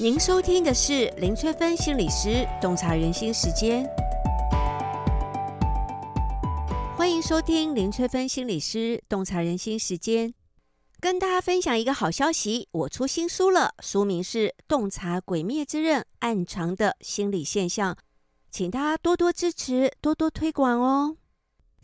您收聽的是林翠芬心理師洞察人心時間，歡迎收聽林翠芬心理師洞察人心時間。跟大家分享一個好消息，我出新書了，書名是《洞察鬼滅之刃暗藏的心理現象》，請大家多多支持，多多推廣哦。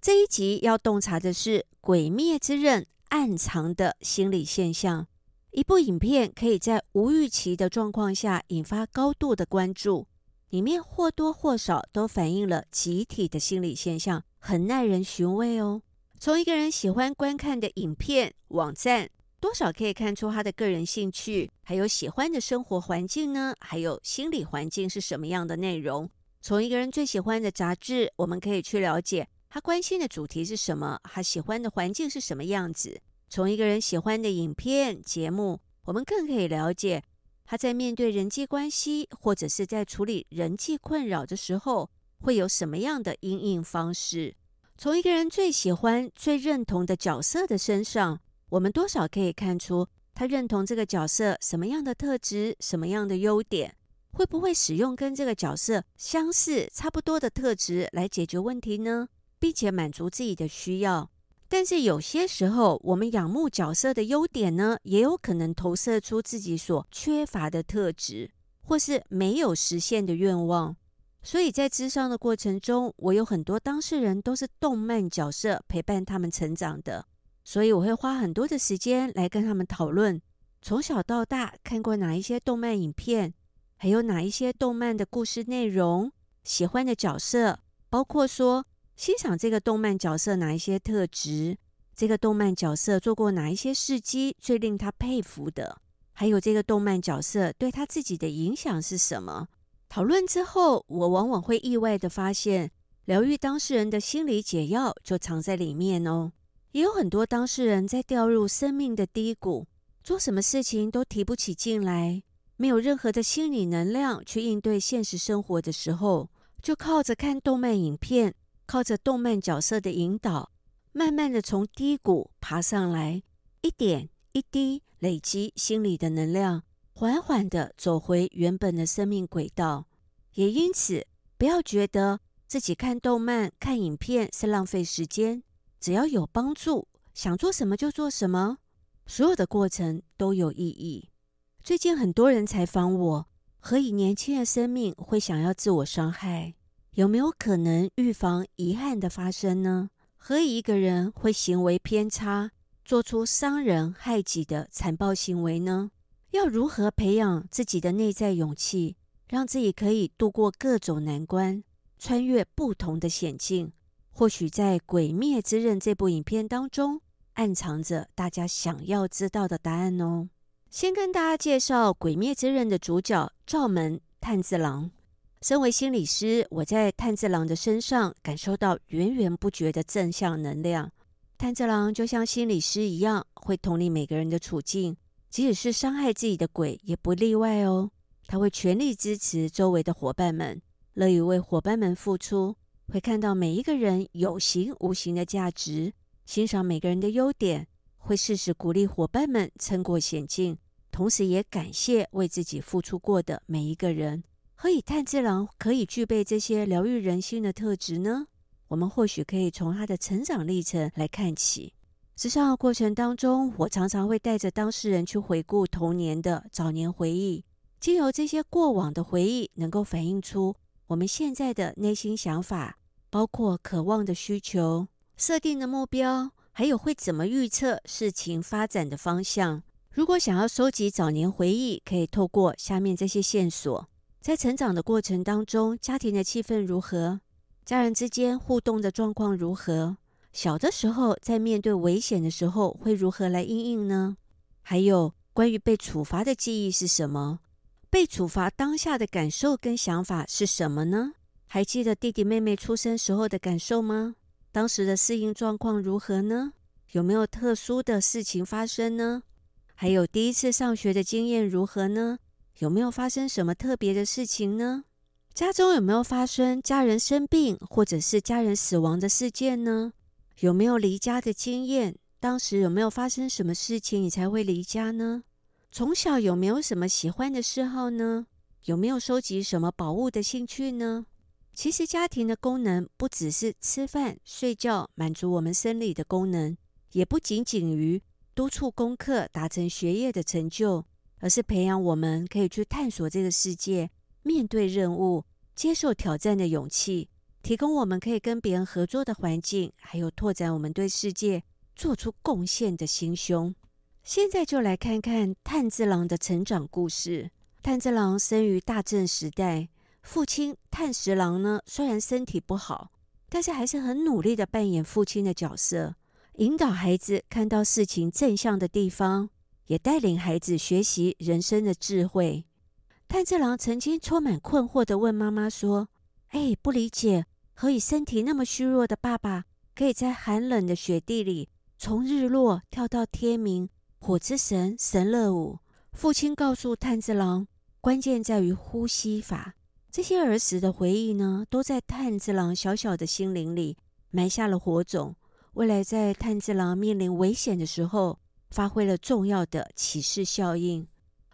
這一集要洞察的是《鬼滅之刃》暗藏的心理現象。一部影片可以在無預期的狀況下，引發高度的關注，裡面或多或少都反映了集體的心理現象，很耐人尋味哦。從一個人喜歡觀看的影片、網站，多少可以看出他的個人興趣，還有喜歡的生活環境呢？還有心理環境是什麼樣的內容？從一個人最喜歡的雜誌，我們可以去了解他關心的主題是什麼，他喜歡的環境是什麼樣子。從一個人喜歡的影片、節目，我們更可以了解他在面對人際關係，或者是在處理人際困擾的時候，會有什麼樣的因應方式。從一個人最喜歡、最認同的角色的身上，我們多少可以看出他認同這個角色什麼樣的特質、什麼樣的優點，會不會使用跟這個角色相似、差不多的特質來解決問題呢，並且滿足自己的需要。但是有些時候，我們仰慕角色的優點呢，也有可能投射出自己所缺乏的特質，或是沒有實現的願望。所以在諮商的過程中，我有很多當事人都是動漫角色陪伴他們成長的，所以我會花很多的時間來跟他們討論，從小到大看過哪一些動漫影片，還有哪一些動漫的故事內容，喜歡的角色，包括說。欣賞這個動漫角色哪一些特質？這個動漫角色做過哪一些事蹟最令他佩服的？還有這個動漫角色對他自己的影響是什麼？討論之後，我往往會意外地發現，療癒當事人的心理解藥就藏在裡面哦。也有很多當事人在掉入生命的低谷，做什麼事情都提不起勁來，沒有任何的心理能量去應對現實生活的時候，就靠着看動漫影片。靠着動漫角色的引導，慢慢的從低谷爬上來，一點一滴累積心理的能量，緩緩的走回原本的生命軌道。也因此，不要覺得自己看動漫、看影片是浪費時間，只要有幫助，想做什麼就做什麼，所有的過程都有意義。最近很多人採訪我，何以年輕的生命會想要自我傷害？有沒有可能預防遺憾的發生呢？何以一個人會行為偏差，做出傷人害己的殘暴行為呢？要如何培養自己的內在勇氣，讓自己可以度過各種難關，穿越不同的險境？或許在《鬼滅之刃》這部影片當中，暗藏着大家想要知道的答案哦。先跟大家介紹《鬼滅之刃》的主角竈門炭治郎。身為心理師，我在炭治郎的身上感受到源源不絕的正向能量。炭治郎就像心理師一樣，會同理每個人的處境，即使是傷害自己的鬼也不例外哦。他會全力支持周圍的夥伴們，樂於為夥伴們付出，會看到每一個人有形無形的價值，欣賞每個人的優點，會適時鼓勵夥伴們撐過險境，同時也感謝為自己付出過的每一個人。可以，炭治郎可以具備這些療癒人心的特質呢？我們或許可以從他的成長歷程來看起。諮商的過程當中，我常常會帶着當事人去回顧童年的早年回憶。經由這些過往的回憶，能夠反映出我們現在的內心想法，包括渴望的需求、設定的目標，還有會怎麼預測事情發展的方向。如果想要收集早年回憶，可以透過下面這些線索。在成長的過程當中，家庭的氣氛如何？家人之間互動的狀況如何？小的時候在面對危險的時候會如何來因應呢？還有關於被處罰的記憶是什麼？被處罰當下的感受跟想法是什麼呢？還記得弟弟妹妹出生時候的感受嗎？當時的適應狀況如何呢？有沒有特殊的事情發生呢？還有第一次上學的經驗如何呢？有沒有發生什麼特別的事情呢？家中有沒有發生家人生病或者是家人死亡的事件呢？有沒有離家的經驗？當時有沒有發生什麼事情你才會離家呢？從小有沒有什麼喜歡的嗜好呢？有沒有收集什麼寶物的興趣呢？其實家庭的功能不只是吃飯、睡覺，滿足我們生理的功能，也不僅僅於督促功課、達成學業的成就。而是培養我們可以去探索這個世界、面對任務、接受挑戰的勇氣，提供我們可以跟別人合作的環境，還有拓展我們對世界做出貢獻的心胸。現在就來看看炭治郎的成長故事。炭治郎生於大正時代，父親炭十郎呢，雖然身體不好，但是還是很努力的扮演父親的角色，引導孩子看到事情正向的地方。也帶領孩子學習人生的智慧。炭治郎曾經充滿困惑地問媽媽說：“哎，不理解，何以身體那麼虛弱的爸爸，可以在寒冷的雪地裡從日落跳到天明？火之神神樂舞。”父親告訴炭治郎：“關鍵在於呼吸法。”這些兒時的回憶呢，都在炭治郎小小的心靈裡埋下了火種。未來在炭治郎面臨危險的時候，發揮了重要的啟示效應。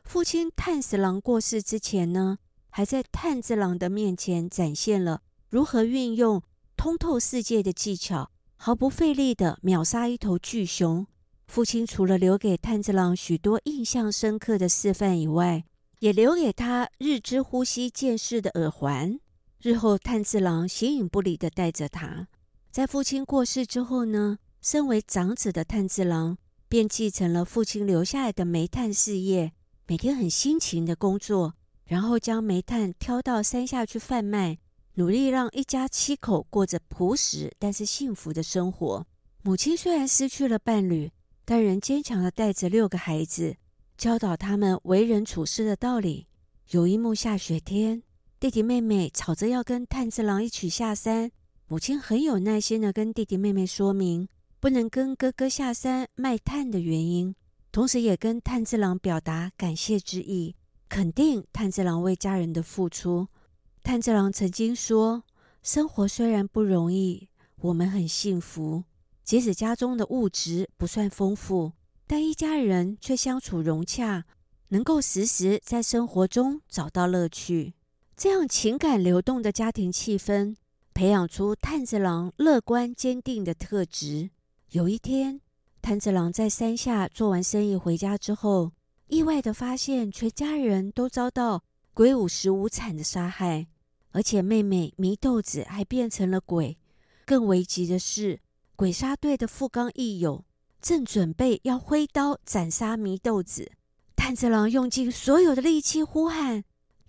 父親炭十郎過世之前呢，還在炭治郎的面前展現了如何運用通透世界的技巧，毫不費力地秒殺一頭巨熊。父親除了留給炭治郎許多印象深刻的示範以外，也留給他日之呼吸劍士的耳環。日後，炭治郎形影不離的帶着他。在父親過世之後呢，身為長子的炭治郎，便繼承了父親留下來的煤炭事業，每天很辛勤的工作，然後將煤炭挑到山下去販賣，努力讓一家七口過着樸實但是幸福的生活。母親雖然失去了伴侶，但仍堅強的帶着六個孩子，教導他們為人處事的道理。有一幕下雪天，弟弟妹妹吵着要跟炭治郎一起下山，母親很有耐心的跟弟弟妹妹說明。不能跟哥哥下山賣炭的原因，同時也跟炭治郎表達感謝之意，肯定炭治郎為家人的付出。炭治郎曾經說：“生活雖然不容易，我們很幸福。即使家中的物質不算豐富，但一家人卻相處融洽，能夠時時在生活中找到樂趣。這樣情感流動的家庭氣氛，培養出炭治郎樂觀堅定的特質。”有一天，炭治郎在山下做完生意回家之後，意外的發現全家人都遭到鬼舞辻無慘的殺害，而且妹妹禰豆子還變成了鬼。更危急的是，鬼殺隊的富岡義勇正準備要揮刀斬殺禰豆子，炭治郎用盡所有的力氣呼喊：“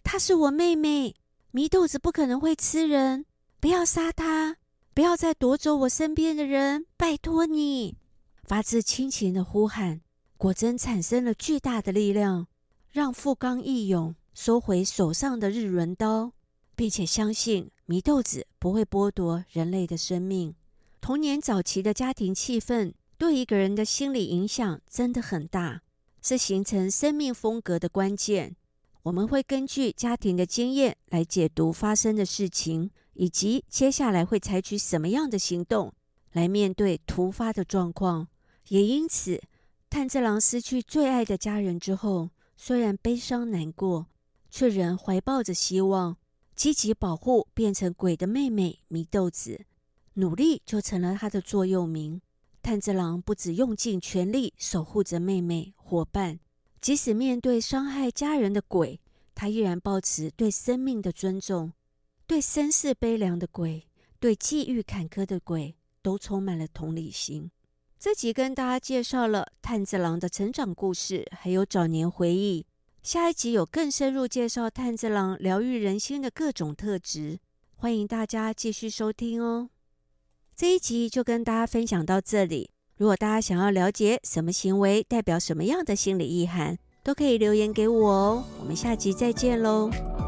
她是我妹妹，禰豆子不可能會吃人，不要殺她。”不要再奪走我身邊的人，拜托你！發自親情的呼喊，果真產生了巨大的力量，讓富岡義勇收回手上的日輪刀，並且相信禰豆子不會剝奪人類的生命。童年早期的家庭氣氛，對一個人的心理影響真的很大，是形成生命風格的關鍵。我們會根據家庭的經驗來解讀發生的事情。以及接下來會採取什麼樣的行動來面對突發的狀況？也因此，炭治郎失去最愛的家人之後，雖然悲傷難過，卻仍懷抱着希望，積極保護變成鬼的妹妹祢豆子。努力就成了他的座右銘。炭治郎不止用盡全力守護着妹妹、伙伴，即使面對傷害家人的鬼，他依然保持對生命的尊重。對身世悲涼的鬼，對際遇坎坷的鬼，都充滿了同理心。這集跟大家介紹了炭治郎的成長故事，還有早年回憶。下一集有更深入介紹炭治郎療癒人心的各種特質，歡迎大家繼續收聽哦。這一集就跟大家分享到這裡。如果大家想要了解什麼行為代表什麼樣的心理意涵，都可以留言給我哦。我們下集再見嘍。